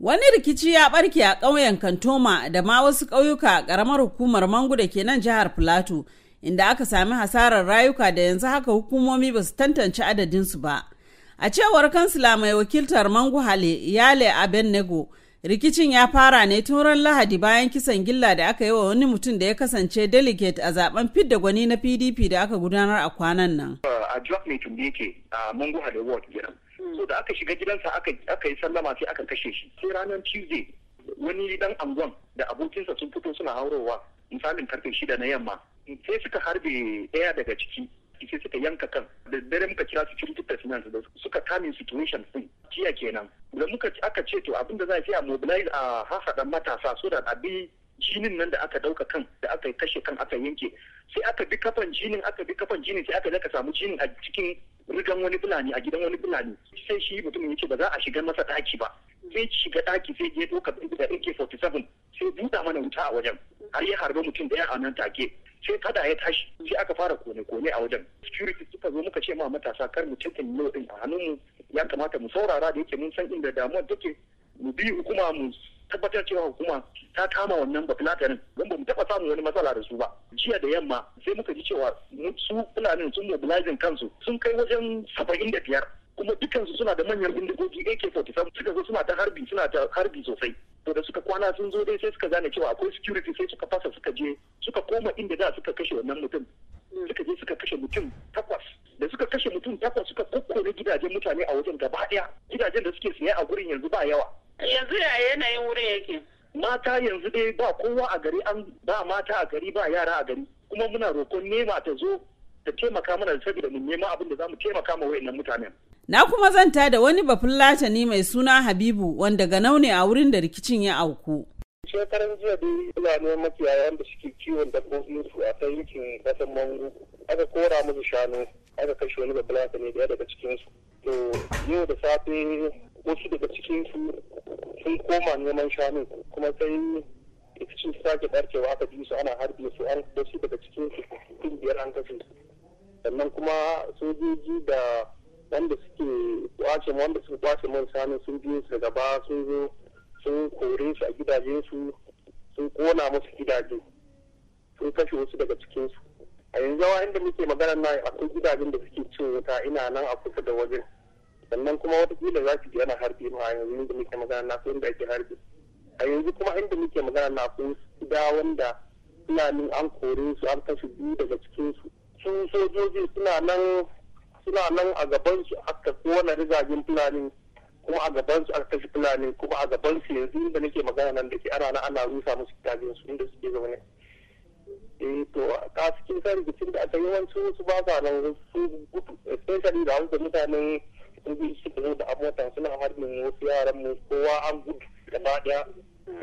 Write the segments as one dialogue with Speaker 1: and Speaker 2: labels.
Speaker 1: Wani rikici ya barke a ƙauyen Kantoma da ma wasu ƙauyuka a ƙaramar hukumar Mangu da ke nan jihar Filato, inda aka sami hasarar rayuka da yanzu haka hukumomi ba su tantance adadinsu ba. A cewar kansila mai wakiltar Mangu Hale, Yale Abennego, rikicin ya fara ne tun ran Lahadi bayan kisan gilla da aka yi wa wani mutum da ya kasance delegate a zaben fidda gwani na PDP da aka gudanar a kwanan nan. a job
Speaker 2: ne tun yake a mango da ward gidan hmm. so da aka shiga gidansa aka yi sallama sai aka kashe shi sai ranar tuesday wani dan angon da abokinsa sun fito suna haurowa misalin karfe shida na yamma sai suka harbe daya daga ciki sai suka yanka kan da dare muka kira su security personnel da suka kame situation din jiya kenan da muka aka ce to abin da za a sai a mobilize a hasaɗa matasa so da abi jinin nan da aka dauka kan da aka kashe kan aka yanke sai aka bi kafan jinin aka bi kafan jinin sai aka zaka samu jinin a cikin rigan wani fulani a gidan wani fulani sai shi mutumin yace ba za a shiga masa daki ba sai shiga daki sai je doka da AK47 sai buɗa mana wuta a wajen har ya harbe mutum ya a nan take sai kada ya tashi sai aka fara kone-kone a wajen security suka zo muka ce ma matasa kar mu cikin yau din a hannun ya kamata mu saurara da yake mun san inda damuwar take mu bi hukuma mu tabbatar cewa hukuma ta kama wannan bafulatanin don ba mu taɓa samun wani matsala da su ba jiya da yamma sai muka ji cewa su fulanin sun mobilizing kansu sun kai wajen saba'in da biyar kuma dukansu suna da manyan bindigogi ak-47 suka zo suna ta harbi suna ta harbi sosai to da suka kwana sun zo dai sai suka gane cewa akwai security sai suka fasa suka je suka koma inda za suka kashe wannan mutum hmm. suka je suka kashe mutum takwas da suka kashe mutum takwas suka kokkore gidajen mutane a wajen gaba daya gidajen da suke siya a gurin yanzu ba yawa yanzu ya yanayin wurin yake mata yanzu ne ba kowa a gari an ba mata a gari ba yara a gari kuma muna roƙon nema ta zo ta taimaka mana da saboda mun nema abin da za mu taimaka ma wayannan mutanen
Speaker 1: Na kuma zanta da wani bafulatani mai suna Habibu wanda ganau ne a wurin da rikicin ya auku.
Speaker 2: Shekaran jiya dai mafi makiyayan da suke kiwon dabbobin su a kan yankin kasan mangu aka kora musu shanu aka kashe wani bafulatani daya daga cikinsu. To yau da safe wasu daga cikinsu sun koma neman shanu kuma sai rikicin sake barkewa aka bi su ana harbi su an da su daga cikin cikin biyar an kashe su sannan kuma sojoji da wanda suke kwace wanda suka kwace man shanu sun biyo su gaba sun zo sun kore su a su sun kona musu gidaje sun kashe wasu daga cikin su a yanzu inda muke magana na akwai gidajen da suke cin wuta ina nan a kusa da wajen sannan kuma watakila za su ji ana harbi ma a yanzu inda muke magana na sun inda ake harbi a yanzu kuma inda muke magana na su da wanda suna nin an kore su an kashe biyu daga cikin su su sojoji suna nan suna nan a gaban su aka kona rigajin fulani kuma a gaban su aka kashe fulani kuma a gaban su yanzu inda nake magana nan da ke ana na ana rusa musu gidajen su inda suke zaune eh to ka cikin sarki tun da aka wancan su ba sa nan su especially da wasu mutanen suka zo da abota suna harbin wasu yaran mu kowa an gudu gaba daya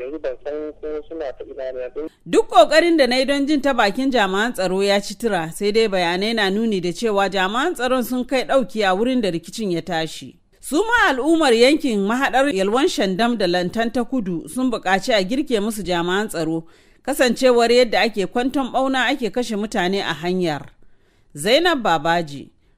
Speaker 2: yanzu ban san ko suna ta ina ne
Speaker 1: duk kokarin da na yi don jin ta bakin jami'an tsaro ya ci tura sai dai bayanai na nuni da cewa jami'an tsaron sun kai ɗauki a wurin da rikicin ya tashi su ma al'ummar yankin mahaɗar yalwan shandam da lantan ta kudu sun buƙaci a girke musu jami'an tsaro kasancewar yadda ake kwanton bauna ake kashe mutane a hanyar zainab babaji